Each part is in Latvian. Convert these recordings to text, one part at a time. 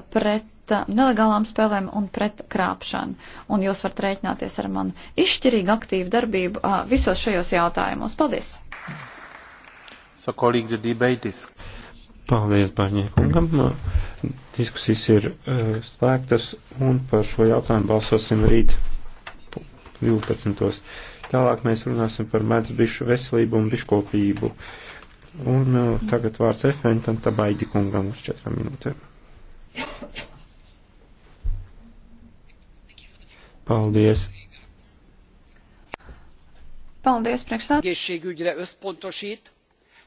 pret uh, nelegālām spēlēm un pret krāpšanu. Un jūs varat rēķināties ar manu izšķirīgu aktīvu darbību uh, visos šajos jautājumos. Paldies! So, colleague, the debate is... Paldies, Baņiekungam. Diskusijas ir uh, slēgtas un par šo jautājumu balsosim rīt 12. Tālāk mēs runāsim par medus bišu veselību un biškopību. Un uh, tagad vārds referentam Tabaidi kungam uz 4 minūtēm. Paldies! Paldies, priekšstādā! Egészségügyre összpontosít,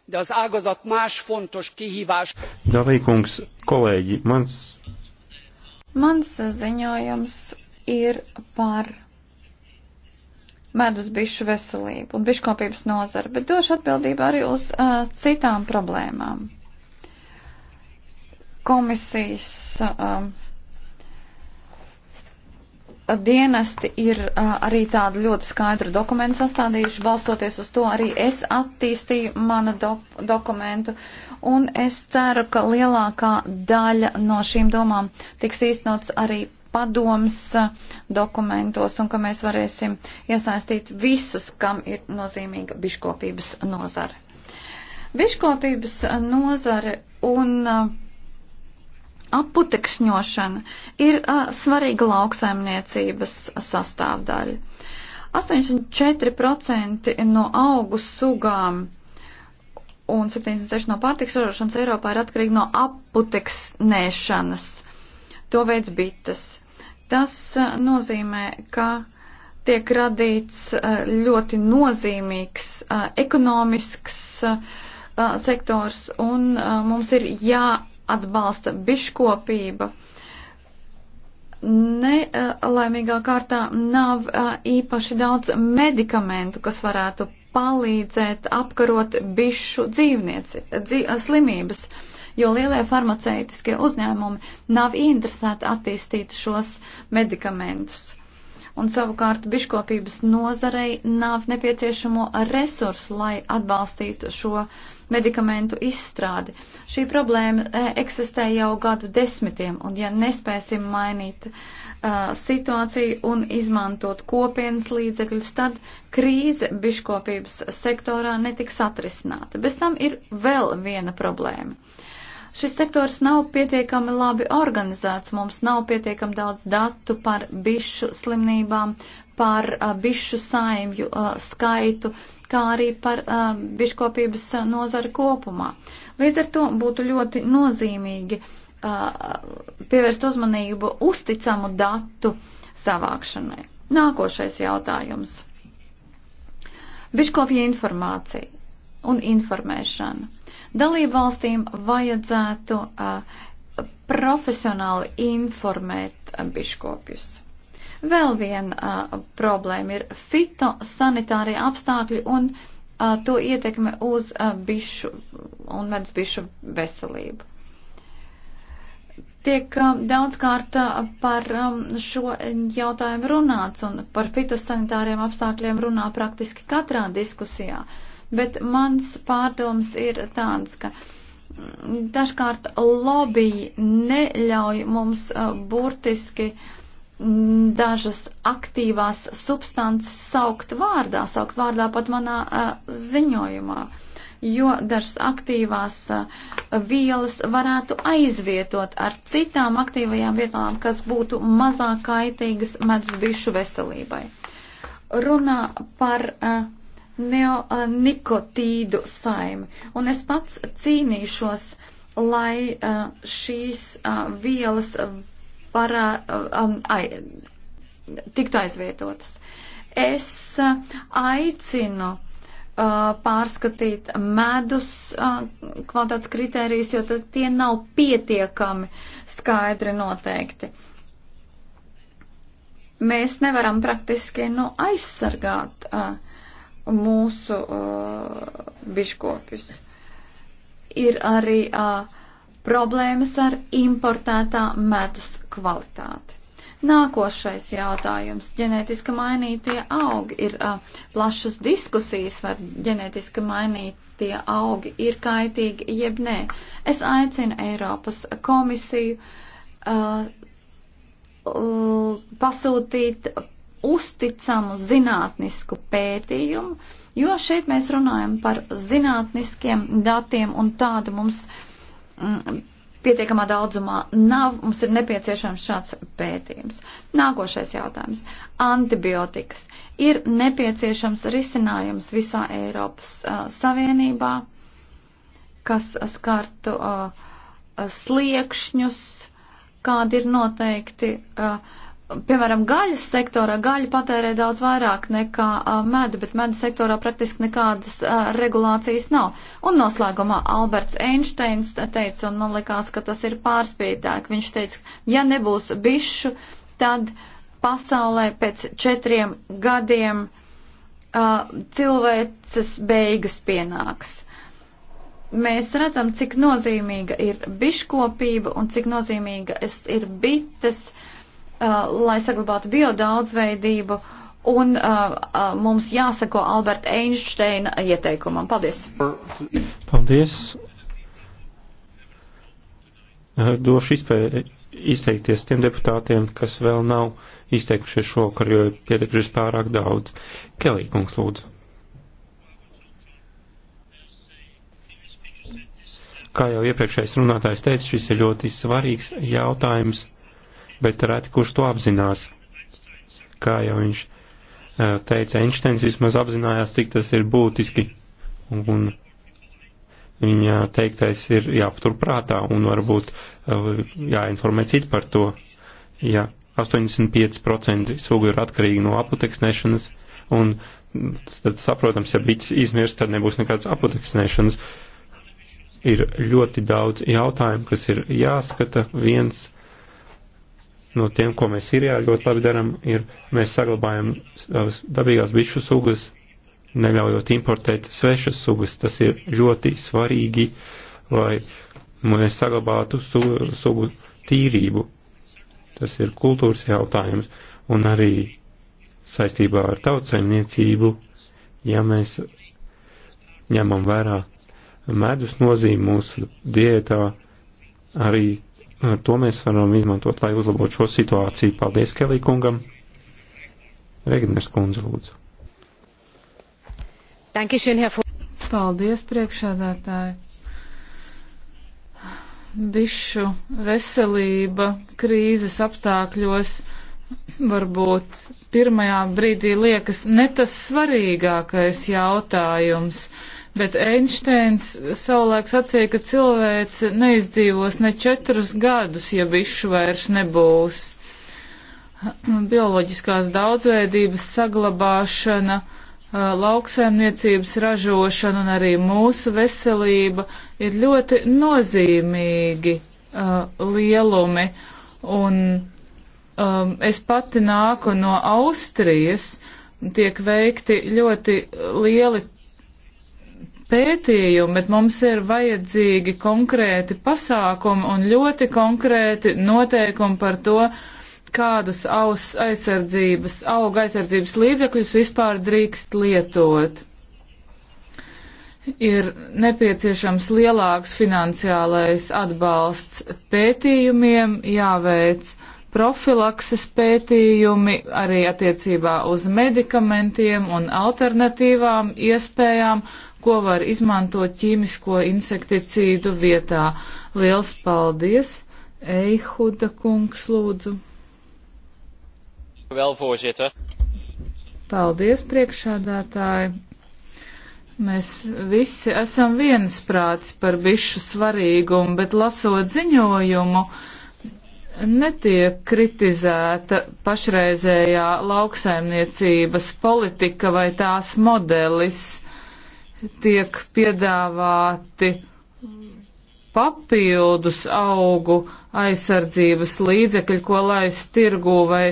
de az ágazat más fontos kihívás. Dalīkungs, kolēģi, mans. Mans ziņojums ir par medus bišu veselību un biškopības nozaru, bet došu atbildību arī uz uh, citām problēmām komisijas um, dienesti ir uh, arī tādu ļoti skaidru dokumentu sastādījuši. Balstoties uz to arī es attīstīju manu do dokumentu, un es ceru, ka lielākā daļa no šīm domām tiks īstenots arī padoms uh, dokumentos, un ka mēs varēsim iesaistīt visus, kam ir nozīmīga biškopības nozare. Biškopības nozare un uh, aputekšņošana ir uh, svarīga lauksaimniecības sastāvdaļa. 84% no augu sugām un 76% no pārtiks ražošanas Eiropā ir atkarīgi no aputeksnēšanas. To veids bites. Tas uh, nozīmē, ka tiek radīts uh, ļoti nozīmīgs uh, ekonomisks sektors un mums ir jā atbalsta biškopība. Nelaimīgā eh, kārtā nav eh, īpaši daudz medikamentu, kas varētu palīdzēt apkarot bišu dzīvnieci, dzī, eh, slimības, jo lielie farmaceitiskie uzņēmumi nav interesēti attīstīt šos medikamentus. Un savukārt biškopības nozarei nav nepieciešamo resursu, lai atbalstītu šo uh, medikamentu izstrādi. Šī problēma e, eksistē jau gadu desmitiem, un ja nespēsim mainīt uh, situāciju un izmantot kopienas līdzekļus, tad krīze biškopības sektorā netiks atrisināta. Bez tam ir vēl viena problēma. Šis sektors nav pietiekami labi organizēts, mums nav pietiekami daudz datu par bišu slimnībām, par uh, bišu saimju uh, skaitu, kā arī par uh, biškopības uh, nozari kopumā. Līdz ar to būtu ļoti nozīmīgi uh, pievērst uzmanību uzticamu datu savākšanai. Nākošais jautājums. Biškopja informācija un informēšana. Dalību valstīm vajadzētu uh, profesionāli informēt biškopjus. Vēl viena uh, problēma ir fitosanitārie apstākļi un uh, to ietekme uz uh, bišu un medus bišu veselību. Tiek uh, daudzkārt uh, par um, šo jautājumu runāts un par fitosanitāriem apstākļiem runā praktiski katrā diskusijā, bet mans pārdoms ir tāds, ka uh, dažkārt lobby neļauj mums burtiski uh, Mm, dažas aktīvās substances saukt vārdā, saukt vārdā pat manā uh, ziņojumā, jo dažas aktīvās uh, vielas varētu aizvietot ar citām aktīvajām vietām, kas būtu mazāk kaitīgas medus bišu veselībai. Runā par uh, neonikotīdu saimi, un es pats cīnīšos, lai uh, šīs uh, vielas parā, uh, um, ai, tiktu aizvietotas. Es uh, aicinu uh, pārskatīt medus kvalitātes kritērijus, jo tie nav pietiekami skaidri noteikti. Mēs nevaram praktiski nu, aizsargāt mūsu biškopjus. Ir arī uh, problēmas ar importētā medus kvalitāti. Nākošais jautājums - ģenētiski mainītie augi. Ir uh, plašas diskusijas, vai ģenētiski mainītie augi ir kaitīgi, jeb nē. Es aicinu Eiropas komisiju uh, pasūtīt uzticamu zinātnisku pētījumu, jo šeit mēs runājam par zinātniskiem datiem un tādu mums uh, Mm, pietiekamā daudzumā nav, mums ir nepieciešams šāds pētījums. Nākošais jautājums - antibiotikas. Ir nepieciešams risinājums visā Eiropas uh, Savienībā, kas skartu uh, sliekšņus, kādi ir noteikti. Uh, piemēram, gaļas sektorā gaļa patērē daudz vairāk nekā uh, medu, bet medu sektorā praktiski nekādas uh, regulācijas nav. Un noslēgumā Alberts Einsteins teica, un man liekas, ka tas ir pārspītāk, viņš teica, ja nebūs bišu, tad pasaulē pēc četriem gadiem uh, cilvēces beigas pienāks mēs redzam, cik nozīmīga ir biškopība un cik nozīmīga ir bites, Uh, lai saglabātu biodaudzveidību, un uh, uh, mums jāsako Alberta Einsteina ieteikumam. Paldies! Paldies! Došu iespēju izteikties tiem deputātiem, kas vēl nav izteikušies šokar, jo ir pieteikušies pārāk daudz. Kelī, kungs, lūdzu. Kā jau iepriekšējais runātājs teica, šis ir ļoti svarīgs jautājums bet reti kurš to apzinās. Kā jau viņš e, teica, Einsteins vismaz apzinājās, cik tas ir būtiski. Un viņa teiktais ir jāpatur prātā un varbūt e, jāinformē citi par to. Ja 85% sugu ir atkarīgi no aputeksnēšanas, un tad saprotams, ja biķis izmirst, tad nebūs nekādas aputeksnēšanas. Ir ļoti daudz jautājumu, kas ir jāskata viens no tiem, ko mēs Sīrijā ļoti labi darām, ir mēs saglabājam dabīgās bišu sugas, neļaujot importēt svešas sugas. Tas ir ļoti svarīgi, lai mēs saglabātu sugu, sugu tīrību. Tas ir kultūras jautājums un arī saistībā ar tautsaimniecību, ja mēs ņemam vērā medus nozīmi mūsu diētā, arī to mēs varam izmantot, lai uzlabotu šo situāciju. Paldies Kelī kungam. Regners kundze, lūdzu. Paldies, priekšādātāji. Bišu veselība krīzes apstākļos varbūt pirmajā brīdī liekas ne tas svarīgākais jautājums, Bet Einsteins savulaik sacīja, ka cilvēks neizdzīvos ne četrus gadus, ja bišu vairs nebūs. Bioloģiskās daudzveidības saglabāšana, lauksaimniecības ražošana un arī mūsu veselība ir ļoti nozīmīgi lielumi. Un um, es pati nāku no Austrijas, tiek veikti ļoti lieli pētījumi, bet mums ir vajadzīgi konkrēti pasākumi un ļoti konkrēti noteikumi par to, kādus aus aizsardzības, auga aizsardzības līdzekļus vispār drīkst lietot. Ir nepieciešams lielāks finansiālais atbalsts pētījumiem, jāveic profilakses pētījumi arī attiecībā uz medikamentiem un alternatīvām iespējām, ko var izmantot ķīmisko insekticīdu vietā. Liels paldies! Eihuda kungs lūdzu. Vēl, voorzitter. Paldies, priekšādātāji. Mēs visi esam viensprāts par bišu svarīgumu, bet lasot ziņojumu, netiek kritizēta pašreizējā lauksaimniecības politika vai tās modelis tiek piedāvāti papildus augu aizsardzības līdzekļi, ko laist tirgu vai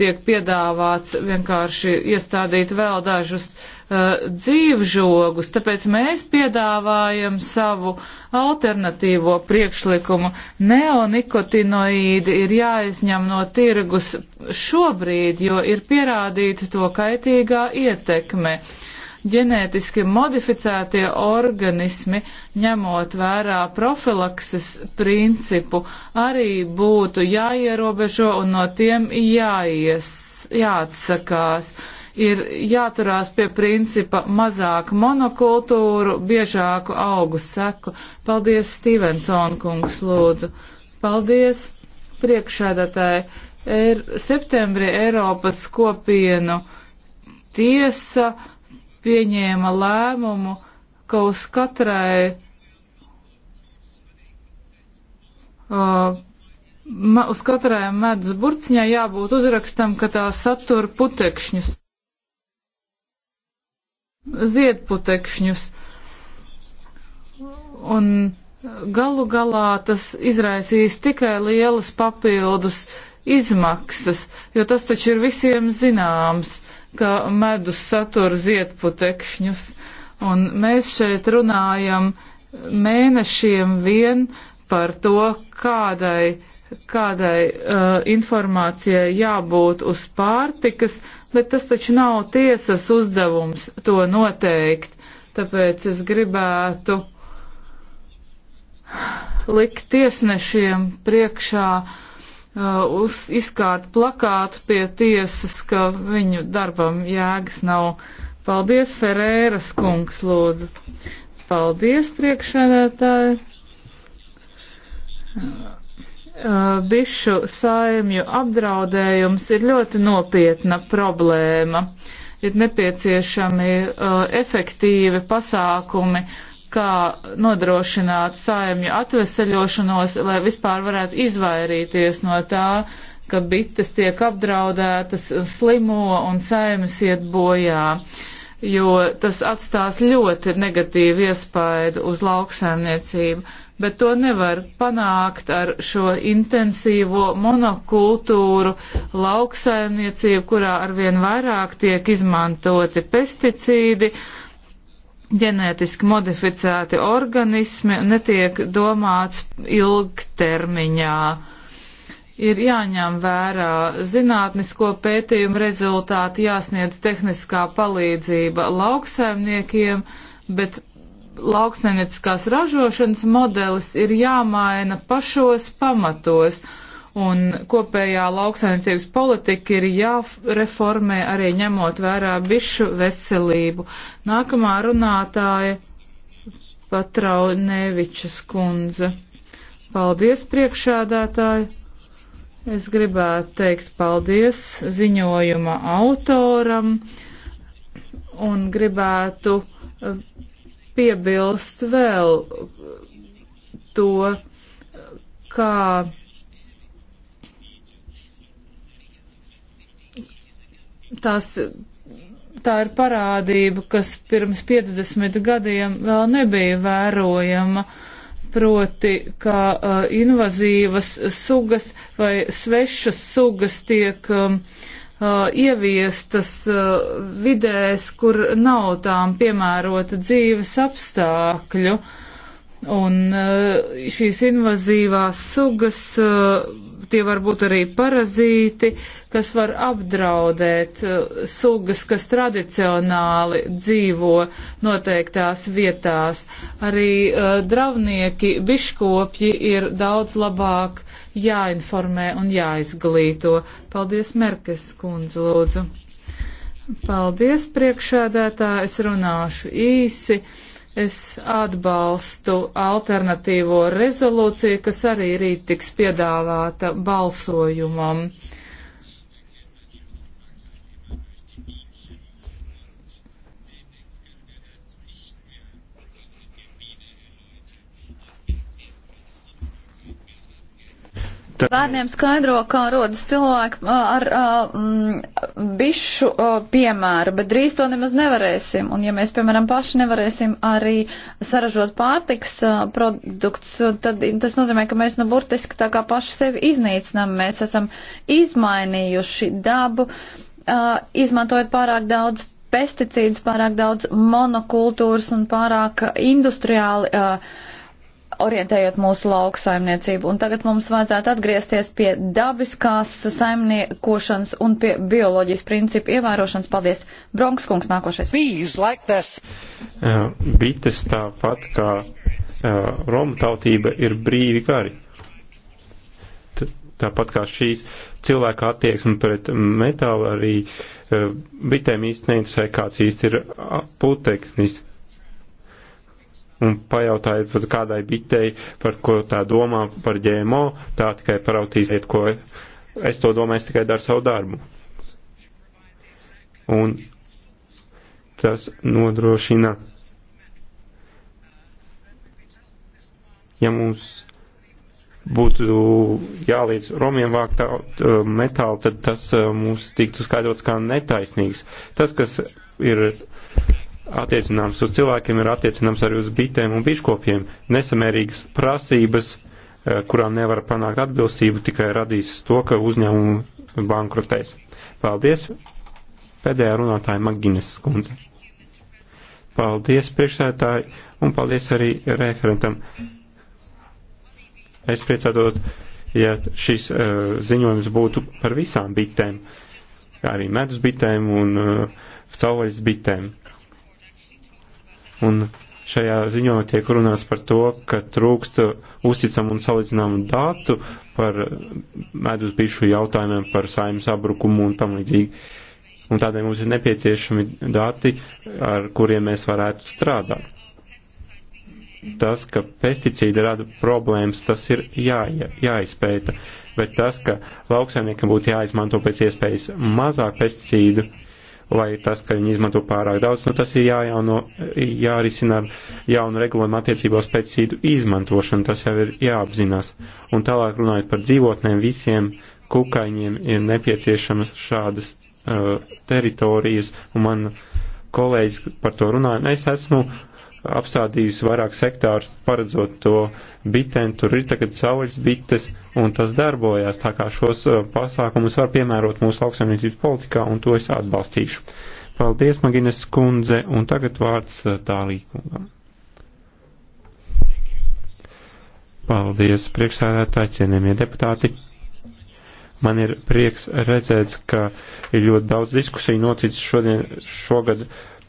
tiek piedāvāts vienkārši iestādīt vēl dažus uh, dzīvžogus, tāpēc mēs piedāvājam savu alternatīvo priekšlikumu. Neonikotinoīdi ir jāizņem no tirgus šobrīd, jo ir pierādīta to kaitīgā ietekme. Uh, ģenētiski modificētie organismi, ņemot vērā profilakses principu, arī būtu jāierobežo un no tiem jāies, jāatsakās. Ir jāturās pie principa mazāk monokultūru, biežāku augu seku. Paldies, Stevenson kungs, lūdzu. Paldies, priekšādātāji. Er, septembrī Eiropas kopienu tiesa pieņēma lēmumu, ka uz katrai uh, ma, uz katrai medus burciņai jābūt uzrakstam, ka tā satura putekšņus, ziedputekšņus. Un galu galā tas izraisīs tikai lielas papildus izmaksas, jo tas taču ir visiem zināms ka medus satura ziedputekšņus. Un mēs šeit runājam mēnešiem vien par to, kādai, kādai uh, informācijai jābūt uz pārtikas, bet tas taču nav tiesas uzdevums to noteikt. Tāpēc es gribētu likt tiesnešiem priekšā uh, Uh, uz, izkārt plakātu pie tiesas, ka viņu darbam jēgas nav. Paldies, Ferēras kungs, lūdzu. Paldies, priekšsēdētāji. Uh, bišu saimju apdraudējums ir ļoti nopietna problēma. Ir nepieciešami uh, efektīvi pasākumi, kā nodrošināt saimju atveseļošanos, lai vispār varētu izvairīties no tā, ka bites tiek apdraudētas, slimo un saimas iet bojā, jo tas atstās ļoti negatīvu iespaidu uz lauksaimniecību, bet to nevar panākt ar šo intensīvo monokultūru lauksaimniecību, kurā arvien vairāk tiek izmantoti pesticīdi, uh, ģenētiski modificēti organismi un netiek domāts ilgtermiņā. Ir jāņem vērā zinātnisko pētījumu rezultāti, jāsniedz tehniskā palīdzība lauksaimniekiem, bet lauksaimnieciskās ražošanas modelis ir jāmaina pašos pamatos un kopējā lauksaimniecības politika ir jāreformē arī ņemot vērā bišu veselību. Nākamā runātāja Patraunevičas kundze. Paldies, priekšādātāji! Es gribētu teikt paldies ziņojuma autoram un gribētu eh, piebilst vēl to, kā tās, tā ir parādība, kas pirms 50 gadiem vēl nebija vērojama, proti, kā uh, invazīvas sugas vai svešas sugas tiek um, uh, ieviestas uh, vidēs, kur nav tām piemērota dzīves apstākļu. Un uh, šīs invazīvās sugas uh, tie var būt arī parazīti, kas var apdraudēt uh, sugas, kas tradicionāli dzīvo noteiktās vietās. Arī uh, dravnieki, biškopji ir daudz labāk jāinformē un jāizglīto. Paldies, Merkes kundze, lūdzu. Paldies, priekšēdētā, es runāšu īsi. Es atbalstu alternatīvo rezolūciju, kas arī rīt tiks piedāvāta balsojumam. Bērniem skaidro, kā rodas cilvēki ar um, bišu uh, piemēru, bet drīz to nemaz nevarēsim. Un ja mēs, piemēram, paši nevarēsim arī saražot pārtiks uh, produkts, tad tas nozīmē, ka mēs nu no burtiski tā kā paši sevi iznīcinām. Mēs esam izmainījuši dabu, uh, izmantojot pārāk daudz pesticīdus, pārāk daudz monokultūras un pārāk industriāli. Uh, orientējot mūsu lauku saimniecību. Un tagad mums vajadzētu atgriezties pie dabiskās saimniekošanas un pie bioloģijas principu ievērošanas. Paldies! Bronks kungs nākošais. Bees like this. Uh, bites tāpat kā uh, Roma tautība ir brīvi gari. T tāpat kā šīs cilvēka attieksme pret metālu arī uh, bitēm īsti neinteresē, kāds īsti ir puteknis un pajautājiet pat kādai bitei, par ko tā domā par ģēmo, tā tikai parautīsiet, ko es to domāju, es tikai daru savu darbu. Un tas nodrošina, ja mums būtu jālīdz romiem vākt uh, metālu, tad tas uh, mums tiktu skaidrots kā netaisnīgs. Tas, kas ir attiecināms uz cilvēkiem, ir attiecināms arī uz bitēm un biškopiem. Nesamērīgas prasības, eh, kurām nevar panākt atbilstību, tikai radīs to, ka uzņēmumu bankrotēs. Paldies! Pēdējā runātāja Magines skundze. Paldies priekšsētāji un paldies arī referentam. Es priecātos, ja šis uh, ziņojums būtu par visām bitēm, arī medus bitēm un uh, eh, cauvaļas bitēm Un šajā ziņojumā tiek runāts par to, ka trūkst uzticam un salīdzināmu datu par medus bišu jautājumiem par saimnes sabrukumu un tam līdzīgi. Un tādēļ mums ir nepieciešami dati, ar kuriem mēs varētu strādāt. Tas, ka pesticīdi rada problēmas, tas ir jā, jāizpēta, bet tas, ka lauksaimniekam būtu jāizmanto pēc iespējas mazāk pesticīdu, vai tas, ka viņi izmanto pārāk daudz, nu tas ir jājauno, jārisina ar jaunu regulējumu attiecībā uz pesticīdu izmantošanu, tas jau ir jāapzinās. Un tālāk runājot par dzīvotnēm, visiem kukaiņiem ir nepieciešamas šādas uh, teritorijas, un man kolēģis par to runāja, es esmu uh, apsādījis vairāk sektārus, paredzot to bitēm, tur ir tagad cauļas bites, un tas darbojās, tā kā šos uh, pasākumus var piemērot mūsu lauksaimniecības politikā, un to es atbalstīšu. Paldies, Magines kundze, un tagad vārds tālīkungam. Uh, Paldies, priekšsēdētāji, cienījamie deputāti. Man ir prieks redzēt, ka ir ļoti daudz diskusiju noticis šodien, šogad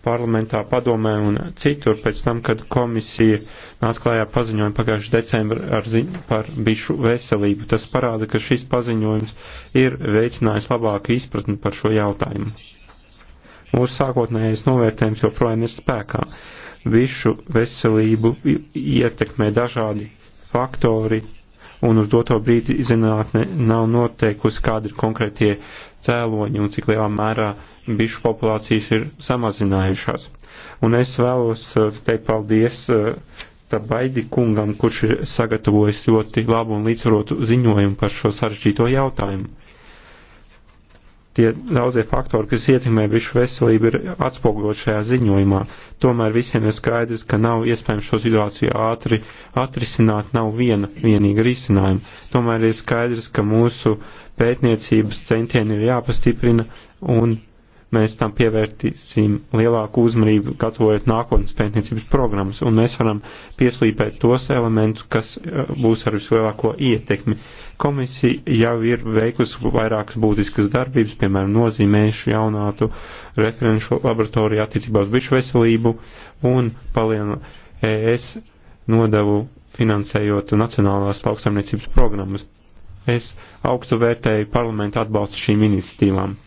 parlamentā, padomē un citur pēc tam, kad komisija nāca klājā paziņojumu pagājuši decembra ar ziņu par bišu veselību. Tas parāda, ka šis paziņojums ir veicinājis labāku izpratni par šo jautājumu. Mūsu sākotnējais novērtējums joprojām ir spēkā. Bišu veselību ietekmē dažādi faktori, un uz doto brīdi zinātne nav noteikusi, kādi ir konkrētie cēloņi un cik lielā mērā bišu populācijas ir samazinājušās. Un es vēlos uh, teikt paldies uh, Tabaidi kungam, kurš ir sagatavojis ļoti labu un līdzsvarotu ziņojumu par šo sarežģīto jautājumu tie daudzie faktori, kas ietekmē visu veselību, ir atspoguļot šajā ziņojumā. Tomēr visiem ir skaidrs, ka nav iespējams šo situāciju ātri atrisināt, nav viena vienīga risinājuma. Tomēr ir skaidrs, ka mūsu pētniecības centieni ir jāpastiprina un mēs tam pievērtīsim lielāku uzmanību, gatavojot nākotnes pētniecības programmas, un mēs varam pieslīpēt tos elementus, kas eh, būs ar vislielāko ietekmi. Komisija jau ir veikusi vairākas būtiskas darbības, piemēram, nozīmējuši jaunātu referenšu laboratoriju attiecībā uz bišu veselību un palienu ES nodevu finansējot nacionālās lauksaimniecības programmas. Es augstu vērtēju parlamentu atbalstu šīm iniciatīvām.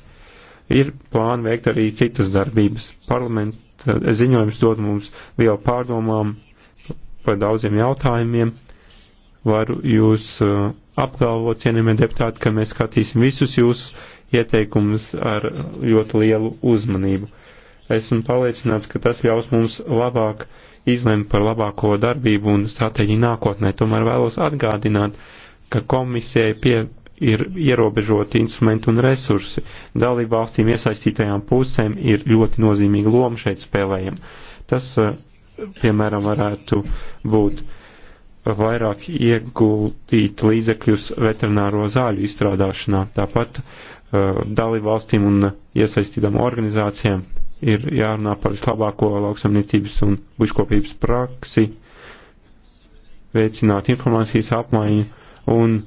Ir plāni veikt arī citas darbības. Parlamenta eh, ziņojums dod mums vielu pārdomām par daudziem jautājumiem. Varu jūs eh, apgalvot, cienījamie deputāti, ka mēs skatīsim visus jūsu ieteikumus ar ļoti lielu uzmanību. Esmu pārliecināts, ka tas ļaus mums labāk izlemt par labāko darbību un stratēģiju nākotnē. Tomēr vēlos atgādināt, ka komisijai pie ir ierobežoti instrumenti un resursi. Dalību valstīm iesaistītajām pusēm ir ļoti nozīmīga loma šeit spēlējama. Tas, eh, piemēram, varētu būt vairāk ieguldīt līdzekļus veterināro zāļu izstrādāšanā. Tāpat eh, dalību valstīm un iesaistītām organizācijām ir jārunā par vislabāko lauksamniecības un buškopības praksi, veicināt informācijas apmaiņu un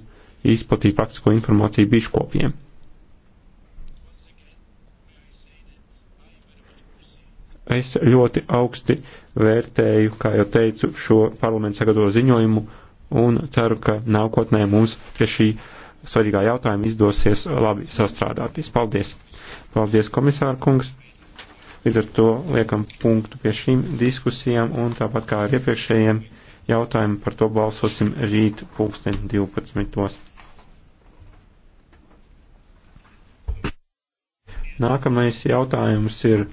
izplatīt praktisko informāciju biškopiem. Es ļoti augsti vērtēju, kā jau teicu, šo parlamentu sagatavo ziņojumu un ceru, ka nākotnē mums pie šī svarīgā jautājuma izdosies labi sastrādāties. Paldies! Paldies, komisāra kungs! Līdz ar to liekam punktu pie šīm diskusijām un tāpat kā ar iepriekšējiem jautājumu par to balsosim rīt pulksten 12. Nākamais jautājums ir